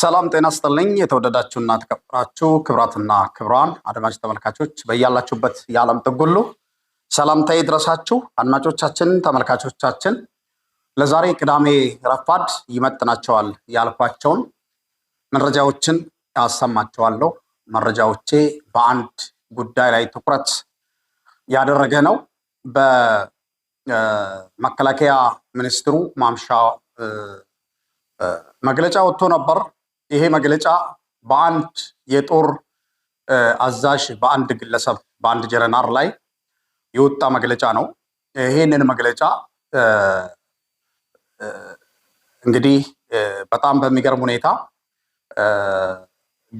ሰላም ጤና ስጥልኝ። የተወደዳችሁና ተከበራችሁ ክብራትና ክብራን አድማጭ ተመልካቾች በያላችሁበት የዓለም ጥጉሉ ሰላምታዬ ድረሳችሁ አድማጮቻችን፣ ተመልካቾቻችን ለዛሬ ቅዳሜ ረፋድ ይመጥናቸዋል ያልኳቸውን መረጃዎችን ያሰማቸዋለሁ። መረጃዎቼ በአንድ ጉዳይ ላይ ትኩረት ያደረገ ነው። በመከላከያ ሚኒስትሩ ማምሻ መግለጫ ወጥቶ ነበር። ይሄ መግለጫ በአንድ የጦር አዛዥ በአንድ ግለሰብ በአንድ ጀረናር ላይ የወጣ መግለጫ ነው። ይሄንን መግለጫ እንግዲህ በጣም በሚገርም ሁኔታ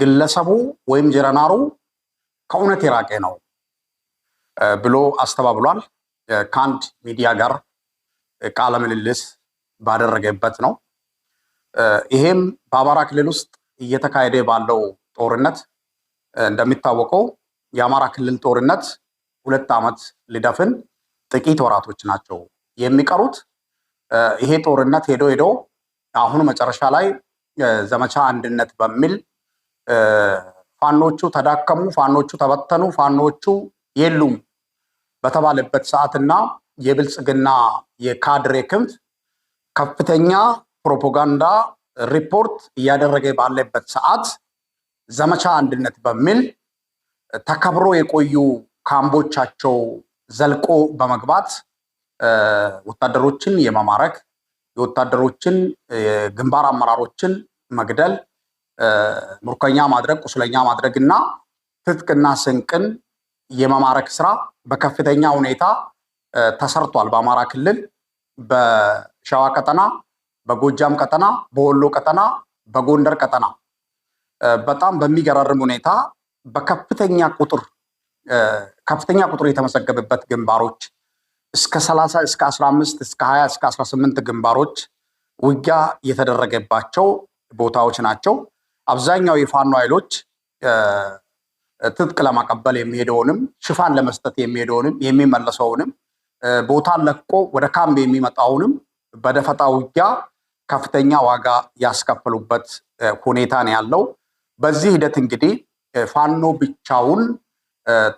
ግለሰቡ ወይም ጀረናሩ ከእውነት የራቀ ነው ብሎ አስተባብሏል። ከአንድ ሚዲያ ጋር ቃለ ምልልስ ባደረገበት ነው። ይሄም በአማራ ክልል ውስጥ እየተካሄደ ባለው ጦርነት እንደሚታወቀው የአማራ ክልል ጦርነት ሁለት ዓመት ሊደፍን ጥቂት ወራቶች ናቸው የሚቀሩት። ይሄ ጦርነት ሄዶ ሄዶ አሁን መጨረሻ ላይ ዘመቻ አንድነት በሚል ፋኖቹ ተዳከሙ፣ ፋኖቹ ተበተኑ፣ ፋኖቹ የሉም በተባለበት ሰዓትና የብልጽግና የካድሬ ክንፍ ከፍተኛ ፕሮፓጋንዳ ሪፖርት እያደረገ ባለበት ሰዓት ዘመቻ አንድነት በሚል ተከብሮ የቆዩ ካምቦቻቸው ዘልቆ በመግባት ወታደሮችን የመማረክ የወታደሮችን ግንባር አመራሮችን መግደል፣ ምርኮኛ ማድረግ፣ ቁስለኛ ማድረግ እና ትጥቅና ስንቅን የመማረክ ስራ በከፍተኛ ሁኔታ ተሰርቷል። በአማራ ክልል በሸዋ ቀጠና በጎጃም ቀጠና፣ በወሎ ቀጠና፣ በጎንደር ቀጠና በጣም በሚገራርም ሁኔታ በከፍተኛ ቁጥር ከፍተኛ ቁጥር የተመዘገበበት ግንባሮች እስከ 30 እስከ 15 እስከ 20 እስከ 18 ግንባሮች ውጊያ የተደረገባቸው ቦታዎች ናቸው። አብዛኛው የፋኖ ኃይሎች ትጥቅ ለማቀበል የሚሄደውንም ሽፋን ለመስጠት የሚሄደውንም የሚመለሰውንም ቦታን ለቆ ወደ ካምብ የሚመጣውንም በደፈጣ ውጊያ ከፍተኛ ዋጋ ያስከፈሉበት ሁኔታ ነው ያለው። በዚህ ሂደት እንግዲህ ፋኖ ብቻውን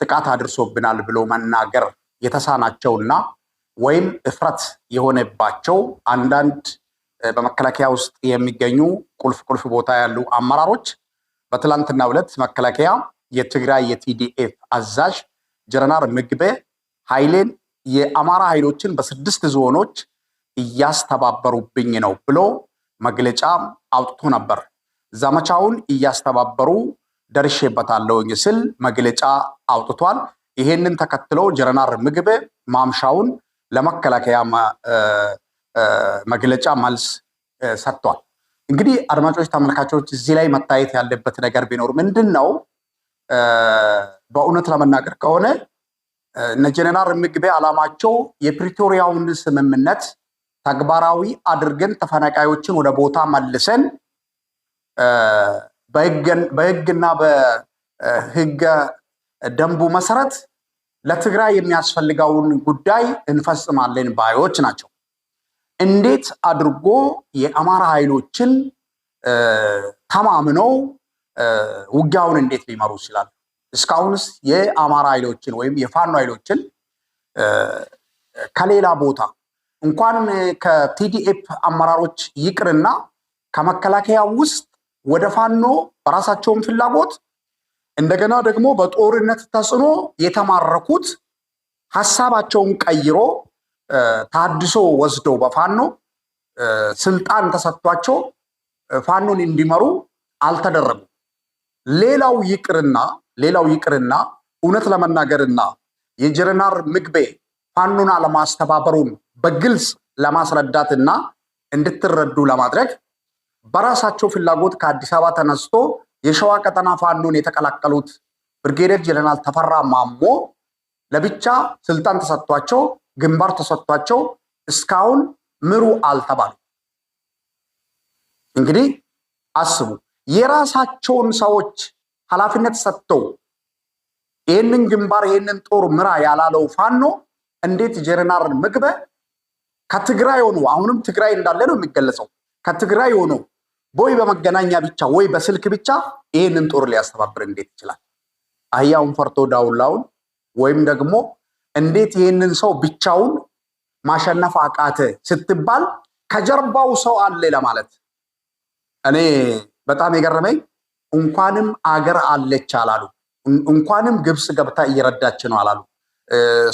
ጥቃት አድርሶብናል ብሎ መናገር የተሳናቸውና ወይም እፍረት የሆነባቸው አንዳንድ በመከላከያ ውስጥ የሚገኙ ቁልፍ ቁልፍ ቦታ ያሉ አመራሮች በትላንትና ዕለት መከላከያ የትግራይ የቲዲኤፍ አዛዥ ጀነራል ምግቤ ኃይሌን የአማራ ኃይሎችን በስድስት ዞኖች እያስተባበሩብኝ ነው ብሎ መግለጫ አውጥቶ ነበር። ዘመቻውን እያስተባበሩ ደርሼበታለሁኝ ስል መግለጫ አውጥቷል። ይሄንን ተከትሎ ጀነራል ምግቤ ማምሻውን ለመከላከያ መግለጫ መልስ ሰጥቷል። እንግዲህ አድማጮች፣ ተመልካቾች እዚህ ላይ መታየት ያለበት ነገር ቢኖር ምንድን ነው? በእውነት ለመናገር ከሆነ እነ ጀነራል ምግቤ አላማቸው የፕሪቶሪያውን ስምምነት ተግባራዊ አድርገን ተፈናቃዮችን ወደ ቦታ መልሰን በህግና በህገ ደንቡ መሰረት ለትግራይ የሚያስፈልገውን ጉዳይ እንፈጽማለን ባዮች ናቸው። እንዴት አድርጎ የአማራ ኃይሎችን ተማምነው ውጊያውን እንዴት ሊመሩ ይችላል? እስካሁንስ የአማራ ኃይሎችን ወይም የፋኖ ኃይሎችን ከሌላ ቦታ እንኳን ከቲዲኤፍ አመራሮች ይቅርና ከመከላከያ ውስጥ ወደ ፋኖ በራሳቸውን ፍላጎት እንደገና ደግሞ በጦርነት ተጽዕኖ የተማረኩት ሀሳባቸውን ቀይሮ ታድሶ ወስደው በፋኖ ስልጣን ተሰጥቷቸው ፋኖን እንዲመሩ አልተደረጉም። ሌላው ይቅርና ሌላው ይቅርና እውነት ለመናገርና የጀረናር ምግቤ ፋኖን አለማስተባበሩን በግልጽ ለማስረዳት እና እንድትረዱ ለማድረግ በራሳቸው ፍላጎት ከአዲስ አበባ ተነስቶ የሸዋ ቀጠና ፋኖን የተቀላቀሉት ብርጌደር ጀነራል ተፈራ ማሞ ለብቻ ስልጣን ተሰጥቷቸው ግንባር ተሰጥቷቸው እስካሁን ምሩ አልተባሉ። እንግዲህ አስቡ፣ የራሳቸውን ሰዎች ኃላፊነት ሰጥተው ይህንን ግንባር ይህንን ጦር ምራ ያላለው ፋኖ እንዴት ጀነራል ምግበ ከትግራይ ሆኖ አሁንም ትግራይ እንዳለ ነው የሚገለጸው። ከትግራይ ሆኖ ወይ በመገናኛ ብቻ ወይ በስልክ ብቻ ይህንን ጦር ሊያስተባብር እንዴት ይችላል? አህያውን ፈርቶ ዳውላውን ወይም ደግሞ እንዴት ይህንን ሰው ብቻውን ማሸነፍ አቃተ ስትባል ከጀርባው ሰው አለ ለማለት እኔ በጣም የገረመኝ እንኳንም አገር አለች አላሉ። እንኳንም ግብፅ ገብታ እየረዳች ነው አላሉ።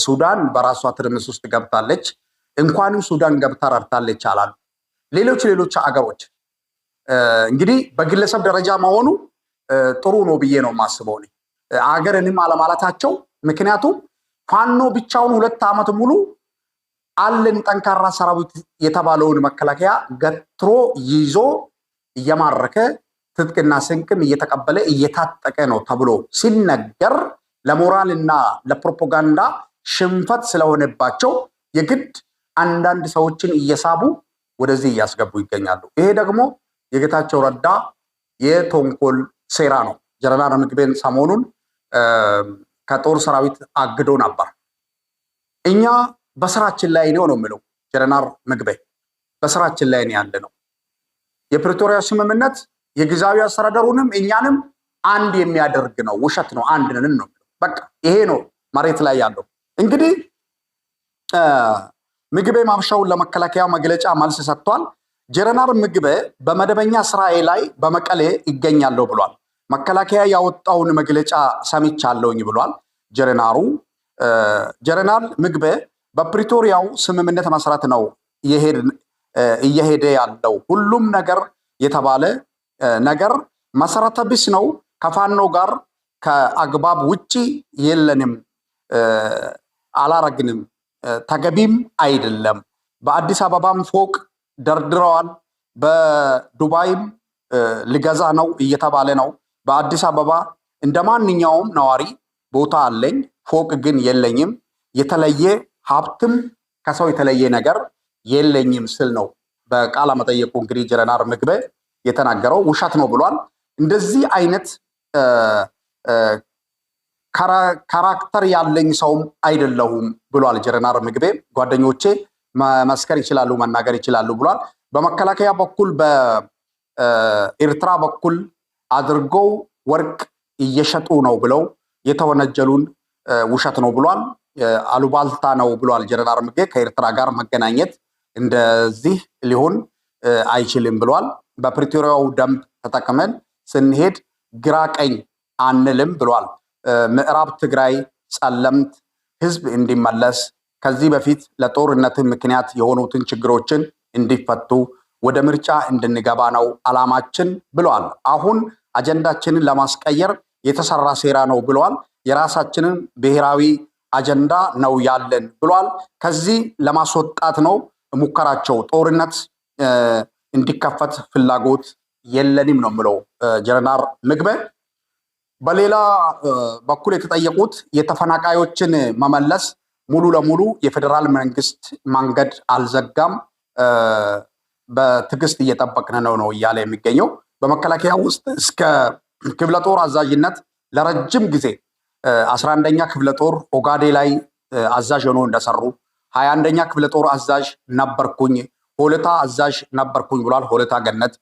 ሱዳን በራሷ ትርምስ ውስጥ ገብታለች። እንኳንም ሱዳን ገብታ ረድታለች አላሉ። ሌሎች ሌሎች አገሮች እንግዲህ በግለሰብ ደረጃ መሆኑ ጥሩ ነው ብዬ ነው የማስበው። አገርንም አለማለታቸው ምክንያቱም ፋኖ ብቻውን ሁለት ዓመት ሙሉ አለን ጠንካራ ሰራዊት የተባለውን መከላከያ ገትሮ ይዞ እየማረከ ትጥቅና ስንቅም እየተቀበለ እየታጠቀ ነው ተብሎ ሲነገር ለሞራልና ለፕሮፓጋንዳ ሽንፈት ስለሆነባቸው የግድ አንዳንድ ሰዎችን እየሳቡ ወደዚህ እያስገቡ ይገኛሉ። ይሄ ደግሞ የጌታቸው ረዳ የተንኮል ሴራ ነው። ጀነራል ምግቤን ሰሞኑን ከጦር ሰራዊት አግዶ ነበር። እኛ በስራችን ላይ ነው ነው የሚለው ጀነራል ምግቤ በስራችን ላይ ነው ያለ ነው። የፕሪቶሪያ ስምምነት የጊዜያዊ አስተዳደሩንም እኛንም አንድ የሚያደርግ ነው። ውሸት ነው። አንድ ነን ነው። በቃ ይሄ ነው መሬት ላይ ያለው እንግዲህ ምግቤ ማምሻውን ለመከላከያ መግለጫ መልስ ሰጥቷል። ጀነራል ምግቤ በመደበኛ ስራዬ ላይ በመቀሌ ይገኛለሁ ብሏል። መከላከያ ያወጣውን መግለጫ ሰምቻለሁኝ ብሏል። ጀነራሉ ጀነራል ምግቤ በፕሪቶሪያው ስምምነት መሰረት ነው እየሄደ ያለው ሁሉም ነገር የተባለ ነገር መሰረተ ቢስ ነው። ከፋኖ ጋር ከአግባብ ውጪ የለንም፣ አላረግንም ተገቢም አይደለም። በአዲስ አበባም ፎቅ ደርድረዋል። በዱባይም ልገዛ ነው እየተባለ ነው። በአዲስ አበባ እንደ ማንኛውም ነዋሪ ቦታ አለኝ፣ ፎቅ ግን የለኝም፣ የተለየ ሀብትም ከሰው የተለየ ነገር የለኝም ስል ነው በቃለ መጠየቁ እንግዲህ ጀረናር ምግበ የተናገረው ውሸት ነው ብሏል። እንደዚህ አይነት ካራክተር ያለኝ ሰውም አይደለሁም ብሏል። ጀረናር ምግቤ ጓደኞቼ መመስከር ይችላሉ፣ መናገር ይችላሉ ብሏል። በመከላከያ በኩል በኤርትራ በኩል አድርገው ወርቅ እየሸጡ ነው ብለው የተወነጀሉን ውሸት ነው ብሏል። አሉባልታ ነው ብሏል። ጀረናር ምግቤ ከኤርትራ ጋር መገናኘት እንደዚህ ሊሆን አይችልም ብሏል። በፕሪቶሪያው ደንብ ተጠቅመን ስንሄድ ግራ ቀኝ አንልም ብሏል። ምዕራብ ትግራይ ጸለምት ህዝብ እንዲመለስ ከዚህ በፊት ለጦርነት ምክንያት የሆኑትን ችግሮችን እንዲፈቱ ወደ ምርጫ እንድንገባ ነው አላማችን ብለዋል። አሁን አጀንዳችንን ለማስቀየር የተሰራ ሴራ ነው ብለዋል። የራሳችንን ብሔራዊ አጀንዳ ነው ያለን ብለዋል። ከዚህ ለማስወጣት ነው ሙከራቸው። ጦርነት እንዲከፈት ፍላጎት የለንም ነው የምለው ጀነራል ምግበ በሌላ በኩል የተጠየቁት የተፈናቃዮችን መመለስ ሙሉ ለሙሉ የፌዴራል መንግስት መንገድ አልዘጋም፣ በትዕግስት እየጠበቅን ነው ነው እያለ የሚገኘው በመከላከያ ውስጥ እስከ ክፍለ ጦር አዛዥነት ለረጅም ጊዜ አስራ አንደኛ ክፍለ ጦር ኦጋዴ ላይ አዛዥ ሆኖ እንደሰሩ ሀያ አንደኛ ክፍለ ጦር አዛዥ ነበርኩኝ፣ ሆለታ አዛዥ ነበርኩኝ ብሏል። ሆለታ ገነት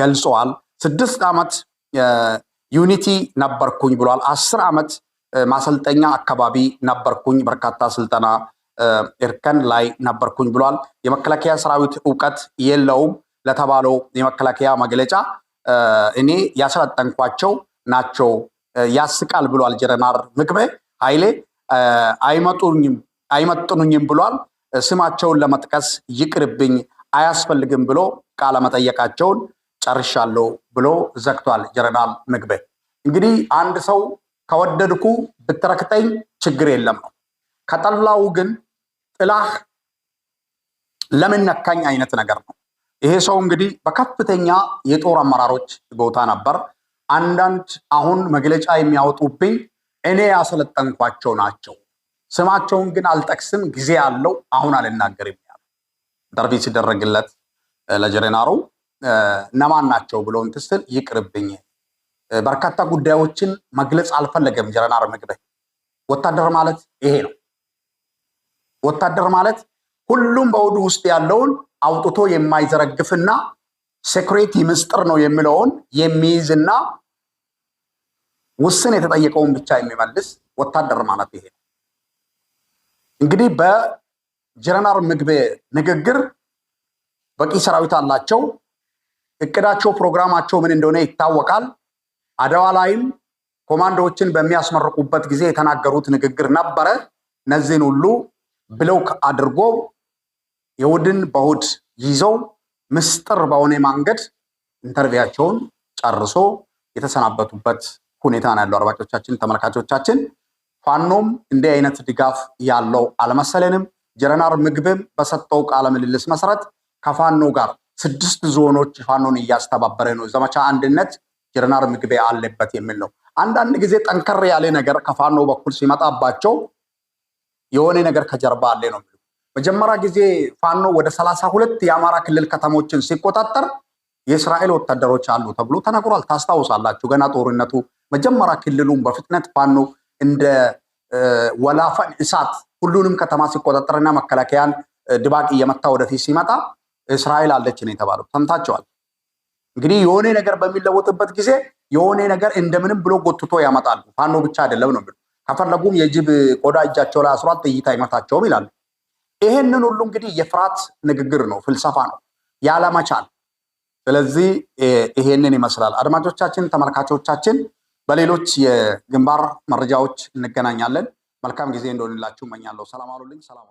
ገልጸዋል። ስድስት ዓመት ዩኒቲ ነበርኩኝ ብሏል። አስር ዓመት ማሰልጠኛ አካባቢ ነበርኩኝ፣ በርካታ ስልጠና እርከን ላይ ነበርኩኝ ብሏል። የመከላከያ ሰራዊት እውቀት የለውም ለተባለው የመከላከያ መግለጫ እኔ ያሰለጠንኳቸው ናቸው ያስቃል ብሏል። ጀነራል ምግበ ኃይሌ አይመጥኑኝም ብሏል። ስማቸውን ለመጥቀስ ይቅርብኝ አያስፈልግም ብሎ ቃለመጠየቃቸውን ጨርሻለሁ ብሎ ዘግቷል። ጀነራል ምግቤ እንግዲህ አንድ ሰው ከወደድኩ ብትረክጠኝ ችግር የለም ነው፣ ከጠላው ግን ጥላህ ለምን ነካኝ አይነት ነገር ነው። ይሄ ሰው እንግዲህ በከፍተኛ የጦር አመራሮች ቦታ ነበር። አንዳንድ አሁን መግለጫ የሚያወጡብኝ እኔ ያሰለጠንኳቸው ናቸው፣ ስማቸውን ግን አልጠቅስም፣ ጊዜ አለው አሁን አልናገርም ያለ ኢንተርቪው ሲደረግለት ለጀኔራሉ እነማን ናቸው ብሎ እንትን ስል ይቅርብኝ፣ በርካታ ጉዳዮችን መግለጽ አልፈለገም ጀረናር ምግበይ። ወታደር ማለት ይሄ ነው። ወታደር ማለት ሁሉም በውዱ ውስጥ ያለውን አውጥቶ የማይዘረግፍና ሴኩሪቲ ምስጥር ነው የሚለውን የሚይዝና ውስን የተጠየቀውን ብቻ የሚመልስ ወታደር ማለት ይሄ ነው። እንግዲህ በጀረናር ምግቤ ንግግር በቂ ሰራዊት አላቸው እቅዳቸው፣ ፕሮግራማቸው ምን እንደሆነ ይታወቃል። አድዋ ላይም ኮማንዶዎችን በሚያስመርቁበት ጊዜ የተናገሩት ንግግር ነበረ። እነዚህን ሁሉ ብሎክ አድርጎ የውድን በሁድ ይዘው ምስጥር በሆነ መንገድ ኢንተርቪያቸውን ጨርሶ የተሰናበቱበት ሁኔታ ነው ያለው። አድማጮቻችን፣ ተመልካቾቻችን ፋኖም እንዲህ አይነት ድጋፍ ያለው አልመሰለንም። ጀረናር ምግብም በሰጠው ቃለ ምልልስ መሰረት ከፋኖ ጋር ስድስት ዞኖች ፋኖን እያስተባበረ ነው። ዘመቻ አንድነት ጀነራል ምግቤ አለበት የሚል ነው። አንዳንድ ጊዜ ጠንከር ያለ ነገር ከፋኖ በኩል ሲመጣባቸው የሆነ ነገር ከጀርባ አለ ነው። መጀመሪያ ጊዜ ፋኖ ወደ ሰላሳ ሁለት የአማራ ክልል ከተሞችን ሲቆጣጠር የእስራኤል ወታደሮች አሉ ተብሎ ተነግሯል። ታስታውሳላችሁ። ገና ጦርነቱ መጀመሪያ ክልሉን በፍጥነት ፋኖ እንደ ወላፈን እሳት ሁሉንም ከተማ ሲቆጣጠርና መከላከያን ድባቅ እየመታ ወደፊት ሲመጣ እስራኤል አለች ነው የተባለው። ሰምታችኋል። እንግዲህ የሆነ ነገር በሚለወጥበት ጊዜ የሆነ ነገር እንደምንም ብሎ ጎትቶ ያመጣሉ። ፋኖ ብቻ አይደለም ነው ከፈለጉም የጅብ ቆዳ እጃቸው ላይ አስሯት ጥይት አይመታቸውም ይላሉ። ይህንን ሁሉ እንግዲህ የፍርሃት ንግግር ነው፣ ፍልሰፋ ነው፣ ያለመቻል። ስለዚህ ይሄንን ይመስላል። አድማጮቻችን፣ ተመልካቾቻችን በሌሎች የግንባር መረጃዎች እንገናኛለን። መልካም ጊዜ እንደሆንላችሁ እመኛለሁ። ሰላም አሉልኝ። ሰላም